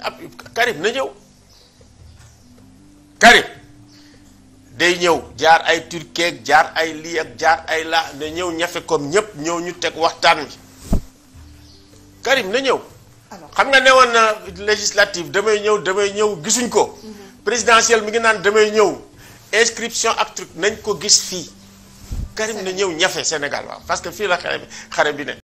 ab Karim na ñëw Karim day ñëw jaar ay turkeeg jaar ay lii ak jaar ay laa na ñëw ñafe comme ñépp ñëw ñu teg waxtaan wi Karim na ñëw xam nga ne woon na législative damay ñëw damay ñëw gisuñ ko mhm. présidentielle mi ngi naan damay ñëw inscription ak truc nañ ko gis fii Karim na ñëw ñafe Sénégal waaw parce que fii la xare bi xare bi ne